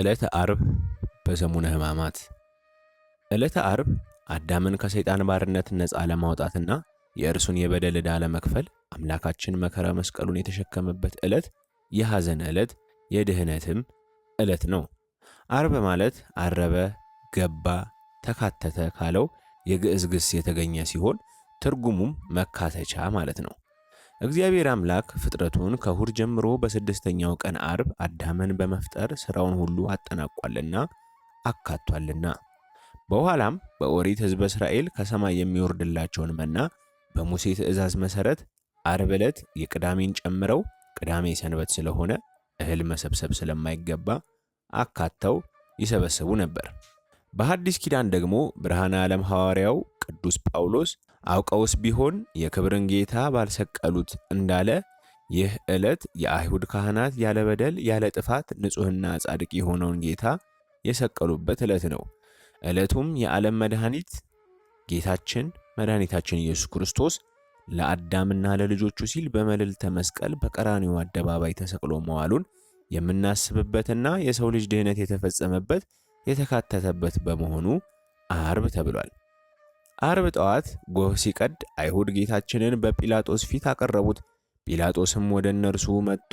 ዕለተ አርብ በሰሙነ ሕማማት። ዕለተ አርብ አዳምን ከሰይጣን ባርነት ነፃ ለማውጣትና የእርሱን የበደል ዕዳ ለመክፈል አምላካችን መከረ መስቀሉን የተሸከመበት ዕለት የሐዘን ዕለት፣ የድህነትም ዕለት ነው። አርብ ማለት አረበ፣ ገባ፣ ተካተተ ካለው የግዕዝ ግስ የተገኘ ሲሆን ትርጉሙም መካተቻ ማለት ነው። እግዚአብሔር አምላክ ፍጥረቱን ከእሁድ ጀምሮ በስድስተኛው ቀን አርብ አዳምን በመፍጠር ሥራውን ሁሉ አጠናቋልና አካቷልና። በኋላም በኦሪት ሕዝበ እስራኤል ከሰማይ የሚወርድላቸውን መና በሙሴ ትእዛዝ መሠረት አርብ ዕለት የቅዳሜን ጨምረው ቅዳሜ ሰንበት ስለሆነ እህል መሰብሰብ ስለማይገባ አካተው ይሰበስቡ ነበር። በሐዲስ ኪዳን ደግሞ ብርሃነ ዓለም ሐዋርያው ቅዱስ ጳውሎስ አውቀውስ ቢሆን የክብርን ጌታ ባልሰቀሉት እንዳለ ይህ ዕለት የአይሁድ ካህናት ያለ በደል ያለ ጥፋት ንጹሕና ጻድቅ የሆነውን ጌታ የሰቀሉበት ዕለት ነው። ዕለቱም የዓለም መድኃኒት ጌታችን መድኃኒታችን ኢየሱስ ክርስቶስ ለአዳምና ለልጆቹ ሲል በመልዕልተ መስቀል በቀራኒው አደባባይ ተሰቅሎ መዋሉን የምናስብበትና የሰው ልጅ ድህነት የተፈጸመበት የተካተተበት በመሆኑ አርብ ተብሏል። አርብ ጠዋት ጎህ ሲቀድ አይሁድ ጌታችንን በጲላጦስ ፊት አቀረቡት። ጲላጦስም ወደ እነርሱ መጥቶ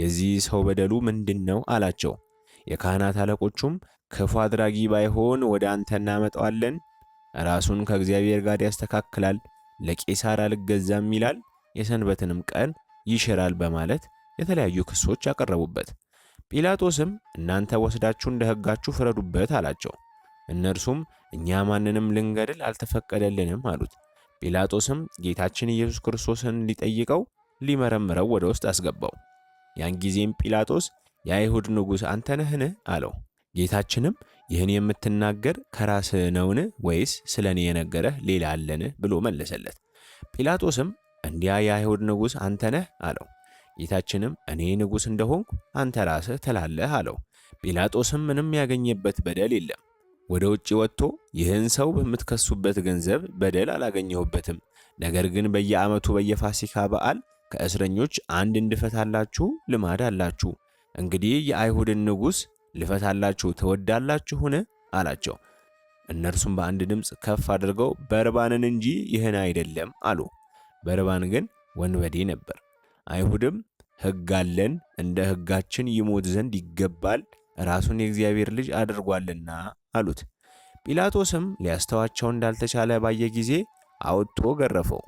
የዚህ ሰው በደሉ ምንድን ነው አላቸው። የካህናት አለቆቹም ክፉ አድራጊ ባይሆን ወደ አንተ እናመጣዋለን፣ ራሱን ከእግዚአብሔር ጋር ያስተካክላል፣ ለቄሳር አልገዛም ይላል፣ የሰንበትንም ቀን ይሽራል በማለት የተለያዩ ክሶች አቀረቡበት። ጲላጦስም እናንተ ወስዳችሁ እንደ ሕጋችሁ ፍረዱበት አላቸው። እነርሱም እኛ ማንንም ልንገድል አልተፈቀደልንም አሉት። ጲላጦስም ጌታችን ኢየሱስ ክርስቶስን ሊጠይቀው ሊመረምረው ወደ ውስጥ አስገባው። ያን ጊዜም ጲላጦስ የአይሁድ ንጉሥ አንተ ነህን? አለው። ጌታችንም ይህን የምትናገር ከራስህ ነውን? ወይስ ስለ እኔ የነገረህ ሌላ አለን? ብሎ መለሰለት። ጲላጦስም እንዲያ የአይሁድ ንጉሥ አንተ ነህ አለው። ጌታችንም እኔ ንጉሥ እንደሆንኩ አንተ ራስህ ትላለህ አለው። ጲላጦስም ምንም ያገኘበት በደል የለም ወደ ውጭ ወጥቶ ይህን ሰው በምትከሱበት ገንዘብ በደል አላገኘሁበትም፣ ነገር ግን በየዓመቱ በየፋሲካ በዓል ከእስረኞች አንድ እንድፈታላችሁ ልማድ አላችሁ። እንግዲህ የአይሁድን ንጉሥ ልፈታላችሁ ትወዳላችሁን? አላቸው። እነርሱም በአንድ ድምፅ ከፍ አድርገው በርባንን እንጂ ይህን አይደለም አሉ። በርባን ግን ወንበዴ ነበር። አይሁድም ሕግ አለን፣ እንደ ሕጋችን ይሞት ዘንድ ይገባል፣ ራሱን የእግዚአብሔር ልጅ አድርጓልና አሉት። ጲላጦስም ሊያስተዋቸው እንዳልተቻለ ባየ ጊዜ አውጥቶ ገረፈው።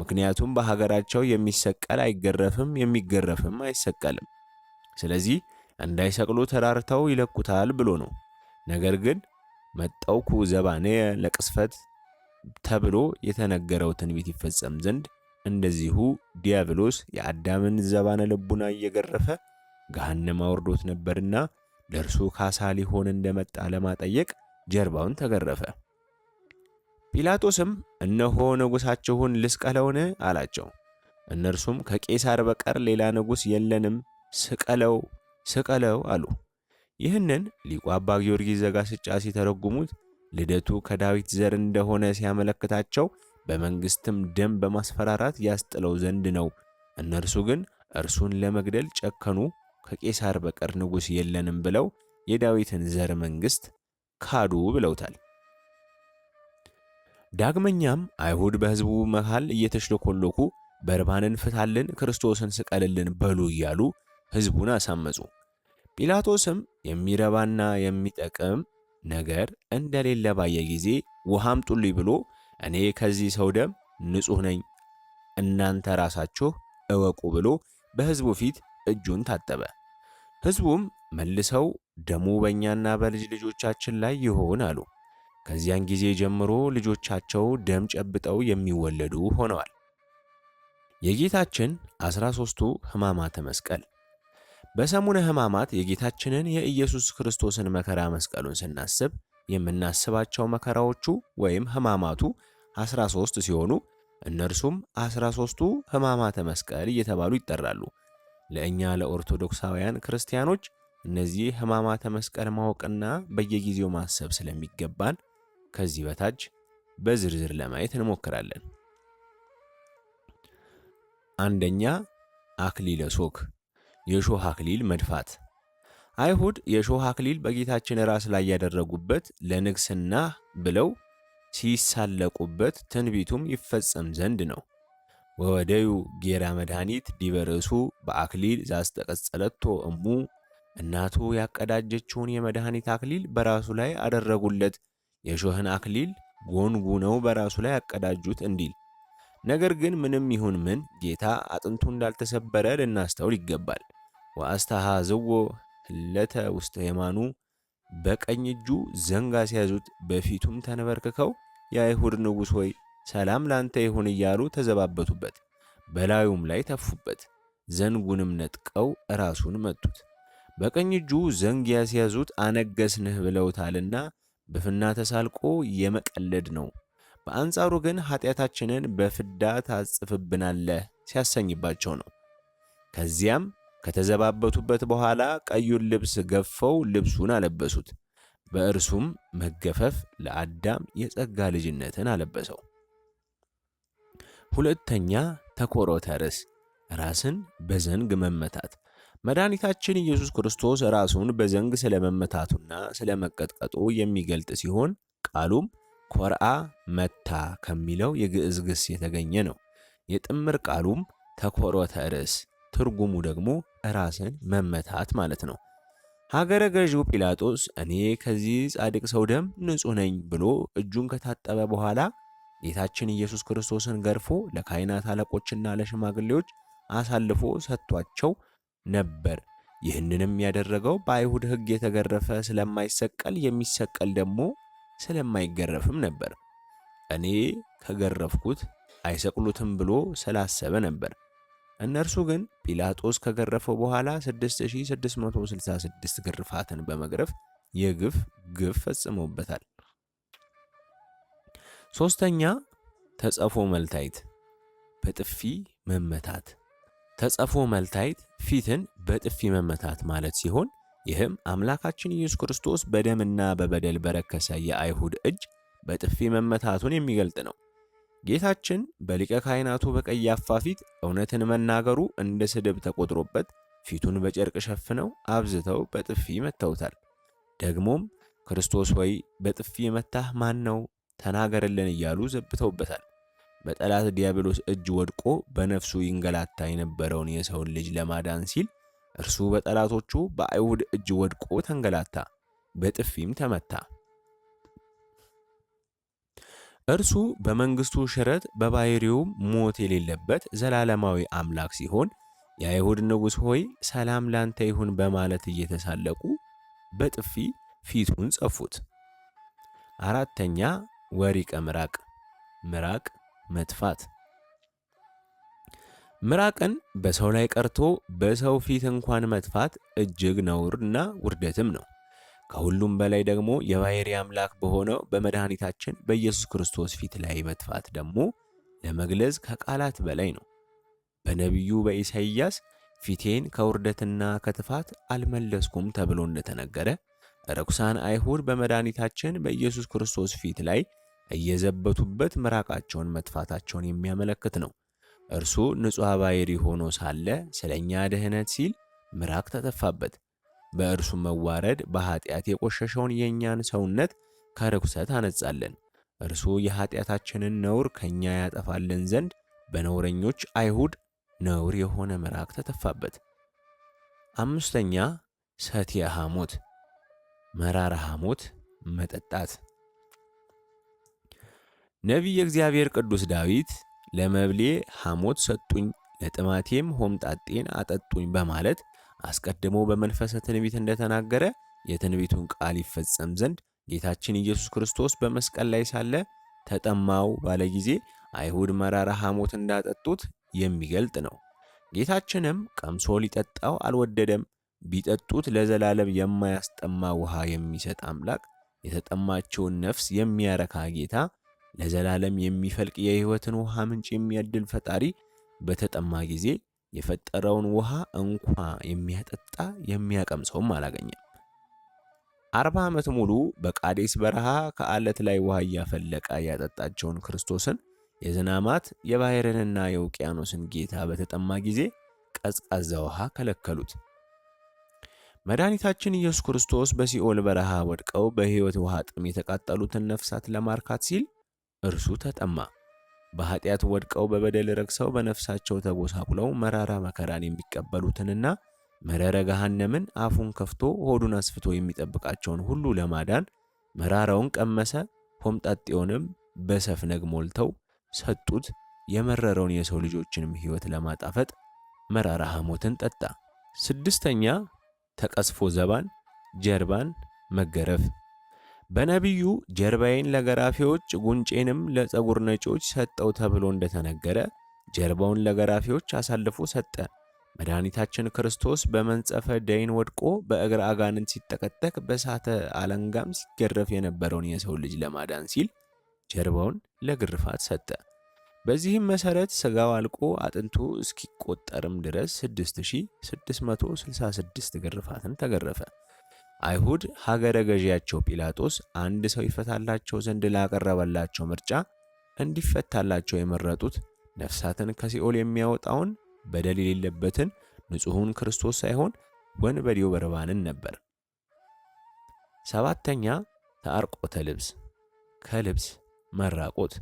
ምክንያቱም በሀገራቸው የሚሰቀል አይገረፍም፣ የሚገረፍም አይሰቀልም። ስለዚህ እንዳይሰቅሉ ተራርተው ይለቁታል ብሎ ነው። ነገር ግን መጣውኩ ዘባኔ ለቅስፈት ተብሎ የተነገረው ትንቢት ይፈጸም ዘንድ እንደዚሁ ዲያብሎስ የአዳምን ዘባነ ልቡና እየገረፈ ገሃነም አውርዶት ነበርና ለእርሱ ካሳ ሊሆን እንደመጣ ለማጠየቅ ጀርባውን ተገረፈ። ጲላጦስም እነሆ ንጉሣችሁን ልስቀለውን አላቸው። እነርሱም ከቄሳር በቀር ሌላ ንጉሥ የለንም፣ ስቀለው ስቀለው አሉ። ይህንን ሊቁ አባ ጊዮርጊስ ዘጋስጫ ሲተረጉሙት ልደቱ ከዳዊት ዘር እንደሆነ ሲያመለክታቸው በመንግሥትም ደም በማስፈራራት ያስጥለው ዘንድ ነው። እነርሱ ግን እርሱን ለመግደል ጨከኑ፣ ከቄሳር በቀር ንጉሥ የለንም ብለው የዳዊትን ዘር መንግሥት ካዱ ብለውታል። ዳግመኛም አይሁድ በሕዝቡ መሃል እየተሽለኮለኩ በርባንን ፍታልን፣ ክርስቶስን ስቀልልን በሉ እያሉ ሕዝቡን አሳመፁ። ጲላጦስም የሚረባና የሚጠቅም ነገር እንደሌለ ባየ ጊዜ ውሃ አምጡልኝ ብሎ እኔ ከዚህ ሰው ደም ንጹሕ ነኝ እናንተ ራሳችሁ እወቁ ብሎ በሕዝቡ ፊት እጁን ታጠበ። ሕዝቡም መልሰው ደሙ በእኛና በልጅ ልጆቻችን ላይ ይሆን አሉ። ከዚያን ጊዜ ጀምሮ ልጆቻቸው ደም ጨብጠው የሚወለዱ ሆነዋል። የጌታችን ዐሥራ ሦስቱ ሕማማተ መስቀል በሰሙነ ሕማማት የጌታችንን የኢየሱስ ክርስቶስን መከራ መስቀሉን ስናስብ የምናስባቸው መከራዎቹ ወይም ሕማማቱ ሦስት ሲሆኑ እነርሱም ዐሥራ ሦስቱ ሕማማተ መስቀል እየተባሉ ይጠራሉ። ለእኛ ለኦርቶዶክሳውያን ክርስቲያኖች እነዚህ ሕማማተ መስቀል ማወቅና በየጊዜው ማሰብ ስለሚገባን ከዚህ በታች በዝርዝር ለማየት እንሞክራለን። አንደኛ አክሊለ ሶክ የሾህ አክሊል መድፋት። አይሁድ የሾህ አክሊል በጌታችን ራስ ላይ ያደረጉበት ለንግስና ብለው ሲሳለቁበት ትንቢቱም ይፈጸም ዘንድ ነው። ወወደዩ ጌራ መድኃኒት ዲበርእሱ በአክሊል ዛስጠቀጸለቶ እሙ እናቱ ያቀዳጀችውን የመድኃኒት አክሊል በራሱ ላይ አደረጉለት። የሾህን አክሊል ጎንጉነው በራሱ ላይ ያቀዳጁት እንዲል። ነገር ግን ምንም ይሁን ምን ጌታ አጥንቱ እንዳልተሰበረ ልናስተውል ይገባል። ዘዎ ህለተ ውስተ የማኑ በቀኝ እጁ ዘንጋ ሲያዙት በፊቱም ተንበርክከው የአይሁድ ንጉሥ ሆይ ሰላም ላንተ ይሁን እያሉ ተዘባበቱበት፣ በላዩም ላይ ተፉበት፣ ዘንጉንም ነጥቀው ራሱን መቱት። በቀኝ እጁ ዘንግ ያስያዙት አነገስንህ ብለውታልና በፍና ተሳልቆ የመቀለድ ነው። በአንጻሩ ግን ኃጢአታችንን በፍዳ ታጽፍብናለህ ሲያሰኝባቸው ነው። ከዚያም ከተዘባበቱበት በኋላ ቀዩን ልብስ ገፈው ልብሱን አለበሱት። በእርሱም መገፈፍ ለአዳም የጸጋ ልጅነትን አለበሰው። ሁለተኛ ተኮሮተርስ ራስን በዘንግ መመታት። መድኃኒታችን ኢየሱስ ክርስቶስ ራሱን በዘንግ ስለመመታቱና ስለመቀጥቀጡ የሚገልጥ ሲሆን ቃሉም ኮርአ መታ ከሚለው የግዕዝ ግስ የተገኘ ነው። የጥምር ቃሉም ተኮሮተርስ ትርጉሙ ደግሞ ራስን መመታት ማለት ነው። ሀገረ ገዢው ጲላጦስ እኔ ከዚህ ጻድቅ ሰው ደም ንጹሕ ነኝ ብሎ እጁን ከታጠበ በኋላ ጌታችን ኢየሱስ ክርስቶስን ገርፎ ለካህናት አለቆችና ለሽማግሌዎች አሳልፎ ሰጥቷቸው ነበር። ይህንንም ያደረገው በአይሁድ ሕግ የተገረፈ ስለማይሰቀል የሚሰቀል ደግሞ ስለማይገረፍም ነበር። እኔ ከገረፍኩት አይሰቅሉትም ብሎ ስላሰበ ነበር። እነርሱ ግን ጲላጦስ ከገረፈው በኋላ 6666 ግርፋትን በመግረፍ የግፍ ግፍ ፈጽመውበታል። ሶስተኛ ተጸፎ መልታይት በጥፊ መመታት። ተጸፎ መልታይት ፊትን በጥፊ መመታት ማለት ሲሆን ይህም አምላካችን ኢየሱስ ክርስቶስ በደምና በበደል በረከሰ የአይሁድ እጅ በጥፊ መመታቱን የሚገልጥ ነው። ጌታችን በሊቀ ካህናቱ በቀያፋ ፊት እውነትን መናገሩ እንደ ስድብ ተቆጥሮበት ፊቱን በጨርቅ ሸፍነው አብዝተው በጥፊ መተውታል። ደግሞም ክርስቶስ ሆይ በጥፊ የመታህ ማን ነው ተናገርልን እያሉ ዘብተውበታል። በጠላት ዲያብሎስ እጅ ወድቆ በነፍሱ ይንገላታ የነበረውን የሰውን ልጅ ለማዳን ሲል እርሱ በጠላቶቹ በአይሁድ እጅ ወድቆ ተንገላታ፣ በጥፊም ተመታ። እርሱ በመንግስቱ ሽረት በባህሪው ሞት የሌለበት ዘላለማዊ አምላክ ሲሆን የአይሁድ ንጉሥ ሆይ ሰላም ላንተ ይሁን በማለት እየተሳለቁ በጥፊ ፊቱን ጸፉት። አራተኛ ወሪቀ ምራቅ ምራቅ መጥፋት ምራቅን በሰው ላይ ቀርቶ በሰው ፊት እንኳን መጥፋት እጅግ ነውርና ውርደትም ነው። ከሁሉም በላይ ደግሞ የባሕርይ አምላክ በሆነው በመድኃኒታችን በኢየሱስ ክርስቶስ ፊት ላይ መጥፋት ደግሞ ለመግለጽ ከቃላት በላይ ነው። በነቢዩ በኢሳይያስ ፊቴን ከውርደትና ከጥፋት አልመለስኩም ተብሎ እንደተነገረ ርኩሳን አይሁድ በመድኃኒታችን በኢየሱስ ክርስቶስ ፊት ላይ እየዘበቱበት ምራቃቸውን መትፋታቸውን የሚያመለክት ነው። እርሱ ንጹሕ ባሕርይ ሆኖ ሳለ ስለ እኛ ደህነት ሲል ምራቅ ተተፋበት። በእርሱ መዋረድ በኃጢአት የቆሸሸውን የእኛን ሰውነት ከርኩሰት አነጻለን። እርሱ የኃጢአታችንን ነውር ከእኛ ያጠፋልን ዘንድ በነውረኞች አይሁድ ነውር የሆነ ምራቅ ተተፋበት። አምስተኛ ሰትየ ሐሞት መራራ ሐሞት መጠጣት ነቢየ እግዚአብሔር ቅዱስ ዳዊት ለመብሌ ሐሞት ሰጡኝ፣ ለጥማቴም ሆምጣጤን አጠጡኝ በማለት አስቀድሞ በመንፈሰ ትንቢት እንደተናገረ የትንቢቱን ቃል ይፈጸም ዘንድ ጌታችን ኢየሱስ ክርስቶስ በመስቀል ላይ ሳለ ተጠማው ባለ ጊዜ አይሁድ መራራ ሐሞት እንዳጠጡት የሚገልጥ ነው። ጌታችንም ቀምሶ ሊጠጣው አልወደደም። ቢጠጡት ለዘላለም የማያስጠማ ውሃ የሚሰጥ አምላክ የተጠማቸውን ነፍስ የሚያረካ ጌታ ለዘላለም የሚፈልቅ የሕይወትን ውሃ ምንጭ የሚያድል ፈጣሪ በተጠማ ጊዜ የፈጠረውን ውሃ እንኳ የሚያጠጣ የሚያቀምሰውም አላገኘም። አርባ ዓመት ሙሉ በቃዴስ በረሃ ከአለት ላይ ውሃ እያፈለቀ ያጠጣቸውን ክርስቶስን የዝናማት የባሕርንና የውቅያኖስን ጌታ በተጠማ ጊዜ ቀዝቃዛ ውሃ ከለከሉት። መድኃኒታችን ኢየሱስ ክርስቶስ በሲኦል በረሃ ወድቀው በሕይወት ውሃ ጥም የተቃጠሉትን ነፍሳት ለማርካት ሲል እርሱ ተጠማ። በኃጢአት ወድቀው በበደል ረክሰው በነፍሳቸው ተጎሳቁለው መራራ መከራን የሚቀበሉትንና መረረ ገሃነምን አፉን ከፍቶ ሆዱን አስፍቶ የሚጠብቃቸውን ሁሉ ለማዳን መራራውን ቀመሰ፣ ሆምጣጤውንም በሰፍነግ ሞልተው ሰጡት። የመረረውን የሰው ልጆችንም ሕይወት ለማጣፈጥ መራራ ሐሞትን ጠጣ። ስድስተኛ ተቀስፎ ዘባን፣ ጀርባን መገረፍ በነቢዩ ጀርባዬን ለገራፊዎች ጉንጬንም ለፀጉር ነጪዎች ሰጠው ተብሎ እንደተነገረ ጀርባውን ለገራፊዎች አሳልፎ ሰጠ። መድኃኒታችን ክርስቶስ በመንጸፈ ደይን ወድቆ በእግር አጋንንት ሲጠቀጠቅ በሳተ አለንጋም ሲገረፍ የነበረውን የሰው ልጅ ለማዳን ሲል ጀርባውን ለግርፋት ሰጠ። በዚህም መሰረት ስጋው አልቆ አጥንቱ እስኪቆጠርም ድረስ 6666 ግርፋትን ተገረፈ። አይሁድ ሀገረ ገዢያቸው ጲላጦስ አንድ ሰው ይፈታላቸው ዘንድ ላቀረበላቸው ምርጫ እንዲፈታላቸው የመረጡት ነፍሳትን ከሲኦል የሚያወጣውን በደል የሌለበትን ንጹሑን ክርስቶስ ሳይሆን ወንበዴው በርባንን ነበር። ሰባተኛ ተአርቆተ ልብስ፣ ከልብስ መራቆት።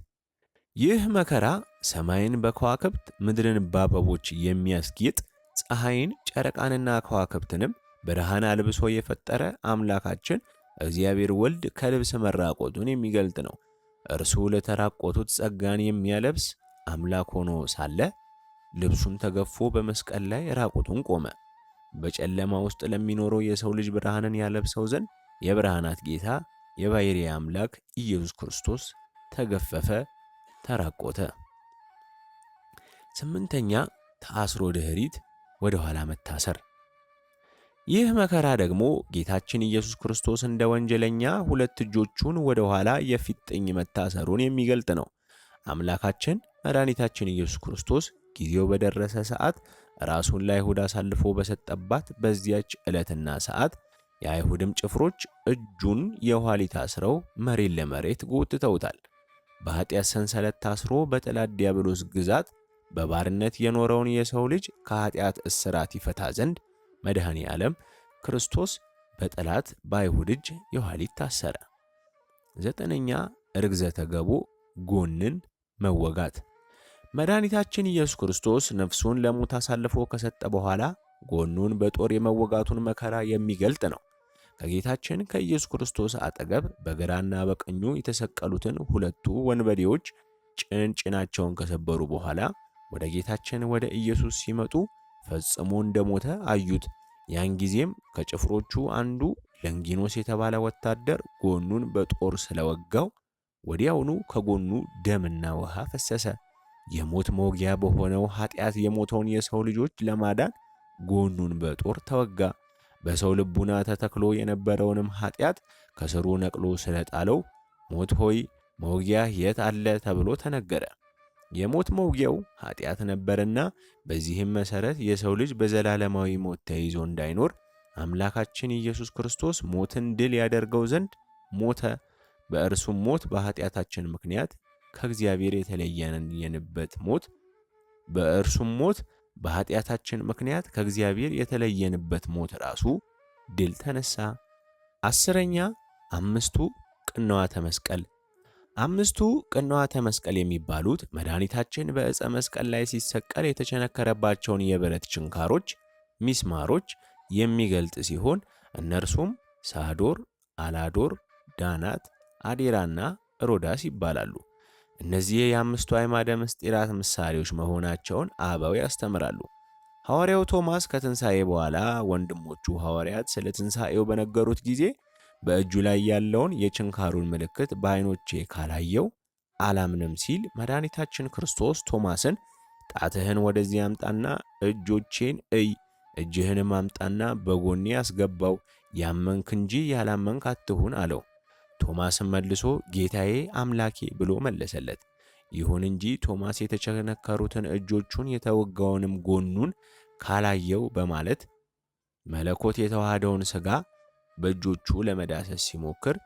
ይህ መከራ ሰማይን በከዋክብት ምድርን በአበቦች የሚያስጌጥ ፀሐይን ጨረቃንና ከዋክብትንም ብርሃን አልብሶ የፈጠረ አምላካችን እግዚአብሔር ወልድ ከልብስ መራቆቱን የሚገልጥ ነው። እርሱ ለተራቆቱት ጸጋን የሚያለብስ አምላክ ሆኖ ሳለ ልብሱን ተገፎ በመስቀል ላይ ራቁቱን ቆመ። በጨለማ ውስጥ ለሚኖረው የሰው ልጅ ብርሃንን ያለብሰው ዘንድ የብርሃናት ጌታ የባሕርይ አምላክ ኢየሱስ ክርስቶስ ተገፈፈ፣ ተራቆተ። ስምንተኛ ተአስሮ ድኅሪት ወደ ኋላ መታሰር ይህ መከራ ደግሞ ጌታችን ኢየሱስ ክርስቶስ እንደ ወንጀለኛ ሁለት እጆቹን ወደ ኋላ የፊጥኝ መታሰሩን የሚገልጥ ነው። አምላካችን መድኃኒታችን ኢየሱስ ክርስቶስ ጊዜው በደረሰ ሰዓት ራሱን ለአይሁድ አሳልፎ በሰጠባት በዚያች ዕለትና ሰዓት የአይሁድም ጭፍሮች እጁን የኋሊት አስረው መሬት ለመሬት ጎትተውታል። በኃጢአት ሰንሰለት ታስሮ በጠላት ዲያብሎስ ግዛት በባርነት የኖረውን የሰው ልጅ ከኃጢአት እስራት ይፈታ ዘንድ መድኃኔ ዓለም ክርስቶስ በጠላት በአይሁድ እጅ የኋሊት ታሰረ። ዘጠነኛ ርግዘተ ገቦ ጎንን መወጋት። መድኃኒታችን ኢየሱስ ክርስቶስ ነፍሱን ለሞት አሳልፎ ከሰጠ በኋላ ጎኑን በጦር የመወጋቱን መከራ የሚገልጥ ነው። ከጌታችን ከኢየሱስ ክርስቶስ አጠገብ በግራና በቀኙ የተሰቀሉትን ሁለቱ ወንበዴዎች ጭን ጭናቸውን ከሰበሩ በኋላ ወደ ጌታችን ወደ ኢየሱስ ሲመጡ ፈጽሞ እንደሞተ አዩት። ያን ጊዜም ከጭፍሮቹ አንዱ ለንጊኖስ የተባለ ወታደር ጎኑን በጦር ስለወጋው ወዲያውኑ ከጎኑ ደምና ውሃ ፈሰሰ። የሞት መውጊያ በሆነው ኃጢአት የሞተውን የሰው ልጆች ለማዳን ጎኑን በጦር ተወጋ። በሰው ልቡና ተተክሎ የነበረውንም ኃጢአት ከስሩ ነቅሎ ስለጣለው ሞት ሆይ መውጊያ የት አለ ተብሎ ተነገረ። የሞት መውጊያው ኃጢአት ነበርና በዚህም መሰረት የሰው ልጅ በዘላለማዊ ሞት ተይዞ እንዳይኖር አምላካችን ኢየሱስ ክርስቶስ ሞትን ድል ያደርገው ዘንድ ሞተ። በእርሱም ሞት በኃጢአታችን ምክንያት ከእግዚአብሔር የተለየንበት ሞት በእርሱም ሞት በኃጢአታችን ምክንያት ከእግዚአብሔር የተለየንበት ሞት ራሱ ድል ተነሳ። አስረኛ አምስቱ ቅንዋተ መስቀል አምስቱ ቅንዋተ መስቀል የሚባሉት መድኃኒታችን በዕፀ መስቀል ላይ ሲሰቀል የተቸነከረባቸውን የብረት ችንካሮች፣ ሚስማሮች የሚገልጥ ሲሆን እነርሱም ሳዶር፣ አላዶር፣ ዳናት፣ አዴራና ሮዳስ ይባላሉ። እነዚህ የአምስቱ አይማደ ምስጢራት ምሳሌዎች መሆናቸውን አበው ያስተምራሉ። ሐዋርያው ቶማስ ከትንሣኤ በኋላ ወንድሞቹ ሐዋርያት ስለ ትንሣኤው በነገሩት ጊዜ በእጁ ላይ ያለውን የችንካሩን ምልክት በዓይኖቼ ካላየው አላምንም ሲል መድኃኒታችን ክርስቶስ ቶማስን ጣትህን ወደዚህ አምጣና እጆቼን እይ፣ እጅህንም አምጣና በጎኔ አስገባው፣ ያመንክ እንጂ ያላመንክ አትሁን አለው። ቶማስን መልሶ ጌታዬ አምላኬ ብሎ መለሰለት። ይሁን እንጂ ቶማስ የተቸነከሩትን እጆቹን የተወጋውንም ጎኑን ካላየው በማለት መለኮት የተዋሃደውን ሥጋ በእጆቹ ለመዳሰስ ሲሞክር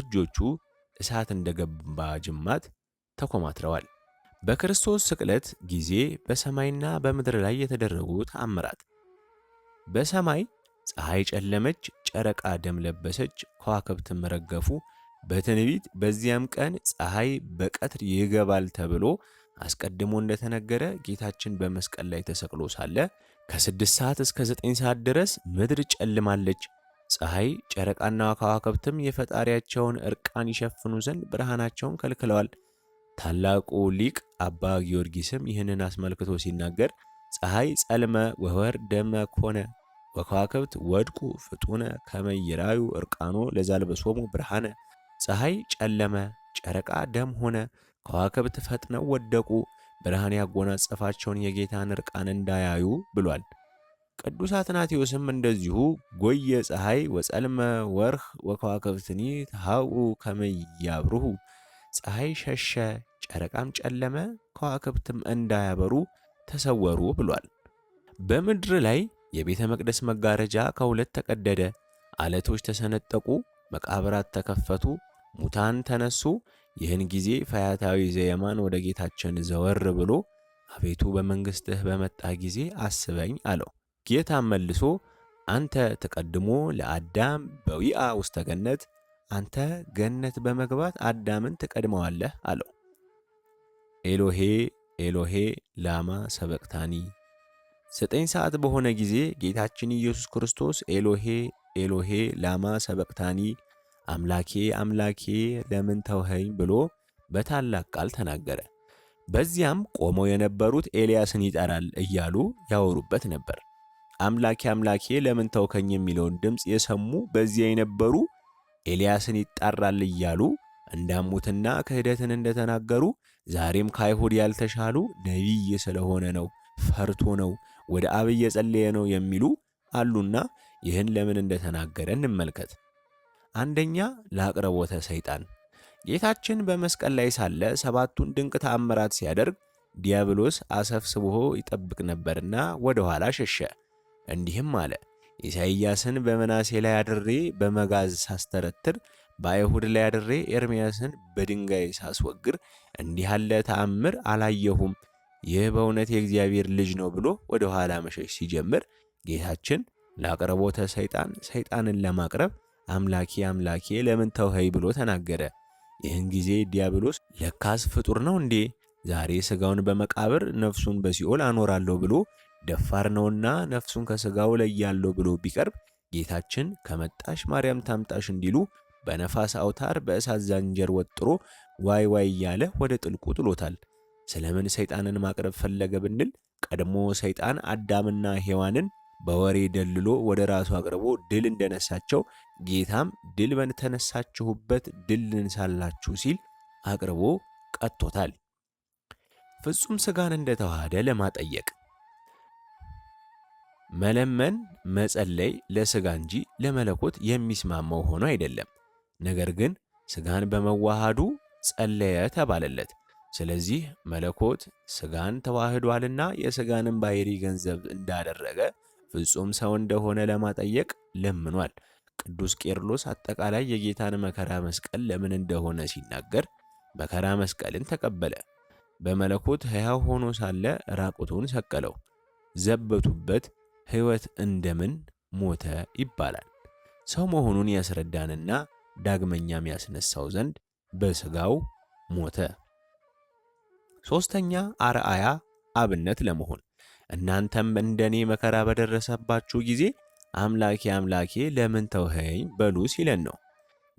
እጆቹ እሳት እንደገባ ጅማት ተኮማትረዋል። በክርስቶስ ስቅለት ጊዜ በሰማይና በምድር ላይ የተደረጉ ተአምራት። በሰማይ ፀሐይ ጨለመች፣ ጨረቃ ደም ለበሰች፣ ከዋክብትም ረገፉ በትንቢት በዚያም ቀን ፀሐይ በቀትር ይገባል ተብሎ አስቀድሞ እንደተነገረ ጌታችን በመስቀል ላይ ተሰቅሎ ሳለ ከስድስት ሰዓት እስከ ዘጠኝ ሰዓት ድረስ ምድር ጨልማለች፣ ፀሐይ፣ ጨረቃና ከዋክብትም የፈጣሪያቸውን እርቃን ይሸፍኑ ዘንድ ብርሃናቸውን ከልክለዋል። ታላቁ ሊቅ አባ ጊዮርጊስም ይህንን አስመልክቶ ሲናገር ፀሐይ ጸልመ ወወር ደመ ኮነ ወከዋክብት ወድቁ ፍጡነ ከመይራዩ እርቃኖ ለዛልበሶሙ ብርሃነ። ፀሐይ ጨለመ፣ ጨረቃ ደም ሆነ፣ ከዋክብት ፈጥነው ወደቁ፣ ብርሃን ያጎናጸፋቸውን የጌታን እርቃን እንዳያዩ ብሏል። ቅዱስ አትናቴዎስም እንደዚሁ ጎየ ፀሐይ ወጸልመ ወርህ ወከዋክብትኒ ሃኡ ከመያብሩሁ ፀሐይ ሸሸ፣ ጨረቃም ጨለመ፣ ከዋክብትም እንዳያበሩ ተሰወሩ ብሏል። በምድር ላይ የቤተ መቅደስ መጋረጃ ከሁለት ተቀደደ፣ አለቶች ተሰነጠቁ፣ መቃብራት ተከፈቱ፣ ሙታን ተነሱ። ይህን ጊዜ ፈያታዊ ዘየማን ወደ ጌታችን ዘወር ብሎ አቤቱ በመንግሥትህ በመጣ ጊዜ አስበኝ አለው። ጌታም መልሶ አንተ ተቀድሞ ለአዳም በዊአ ውስተ ገነት፣ አንተ ገነት በመግባት አዳምን ትቀድመዋለህ አለው። ኤሎሄ ኤሎሄ ላማ ሰበቅታኒ። ዘጠኝ ሰዓት በሆነ ጊዜ ጌታችን ኢየሱስ ክርስቶስ ኤሎሄ ኤሎሄ ላማ ሰበቅታኒ፣ አምላኬ አምላኬ ለምን ተውኸኝ ብሎ በታላቅ ቃል ተናገረ። በዚያም ቆመው የነበሩት ኤልያስን ይጠራል እያሉ ያወሩበት ነበር። አምላኬ አምላኬ ለምን ተውከኝ የሚለውን ድምፅ የሰሙ በዚያ የነበሩ ኤልያስን ይጣራል እያሉ እንዳሙትና ክህደትን እንደተናገሩ ዛሬም ከአይሁድ ያልተሻሉ ነቢይ ስለሆነ ነው፣ ፈርቶ ነው፣ ወደ አብ እየጸለየ ነው የሚሉ አሉና ይህን ለምን እንደተናገረ እንመልከት። አንደኛ ለአቅርቦተ ሰይጣን ጌታችን በመስቀል ላይ ሳለ ሰባቱን ድንቅ ተአምራት ሲያደርግ ዲያብሎስ አሰፍስቦ ይጠብቅ ነበርና ወደ ኋላ ሸሸ። እንዲህም አለ ኢሳይያስን በመናሴ ላይ አድሬ በመጋዝ ሳስተረትር በአይሁድ ላይ አድሬ ኤርምያስን በድንጋይ ሳስወግር እንዲህ ያለ ተአምር አላየሁም፣ ይህ በእውነት የእግዚአብሔር ልጅ ነው ብሎ ወደ ኋላ መሸሽ ሲጀምር ጌታችን ለአቅርቦተ ሰይጣን ሰይጣንን ለማቅረብ አምላኬ አምላኬ ለምን ተውኸይ ብሎ ተናገረ። ይህን ጊዜ ዲያብሎስ ለካስ ፍጡር ነው እንዴ ዛሬ ሥጋውን በመቃብር ነፍሱን በሲኦል አኖራለሁ ብሎ ደፋር ነውና ነፍሱን ከሥጋው ለያለሁ ብሎ ቢቀርብ ጌታችን ከመጣሽ ማርያም ታምጣሽ እንዲሉ በነፋስ አውታር በእሳት ዛንጀር ወጥሮ ዋይ ዋይ እያለ ወደ ጥልቁ ጥሎታል። ስለምን ሰይጣንን ማቅረብ ፈለገ ብንል ቀድሞ ሰይጣን አዳምና ሔዋንን በወሬ ደልሎ ወደ ራሱ አቅርቦ ድል እንደነሳቸው ጌታም ድል በተነሳችሁበት ድል ልንሳላችሁ ሲል አቅርቦ ቀጥቶታል። ፍጹም ሥጋን እንደተዋሃደ ለማጠየቅ መለመን መጸለይ ለሥጋ እንጂ ለመለኮት የሚስማማው ሆኖ አይደለም። ነገር ግን ሥጋን በመዋሃዱ ጸለየ ተባለለት። ስለዚህ መለኮት ሥጋን ተዋህዷልና የሥጋንም ባሕሪ ገንዘብ እንዳደረገ ፍጹም ሰው እንደሆነ ለማጠየቅ ለምኗል። ቅዱስ ቄርሎስ አጠቃላይ የጌታን መከራ መስቀል ለምን እንደሆነ ሲናገር መከራ መስቀልን ተቀበለ፣ በመለኮት ሕያው ሆኖ ሳለ ራቁቱን ሰቀለው፣ ዘበቱበት ሕይወት እንደምን ሞተ ይባላል። ሰው መሆኑን ያስረዳንና ዳግመኛም ያስነሳው ዘንድ በሥጋው ሞተ። ሦስተኛ አርአያ አብነት ለመሆን እናንተም እንደኔ መከራ በደረሰባችሁ ጊዜ አምላኬ አምላኬ ለምን ተውኸኝ በሉ ሲለን ነው።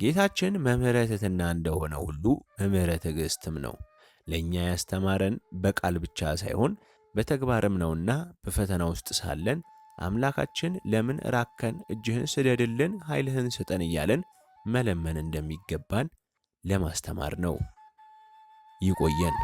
ጌታችን መምህረ ትሕትና እንደሆነ ሁሉ መምህረ ትዕግሥትም ነው። ለእኛ ያስተማረን በቃል ብቻ ሳይሆን በተግባርም ነውና በፈተና ውስጥ ሳለን አምላካችን ለምን ራከን? እጅህን ስደድልን፣ ኃይልህን ስጠን እያለን መለመን እንደሚገባን ለማስተማር ነው። ይቆየን።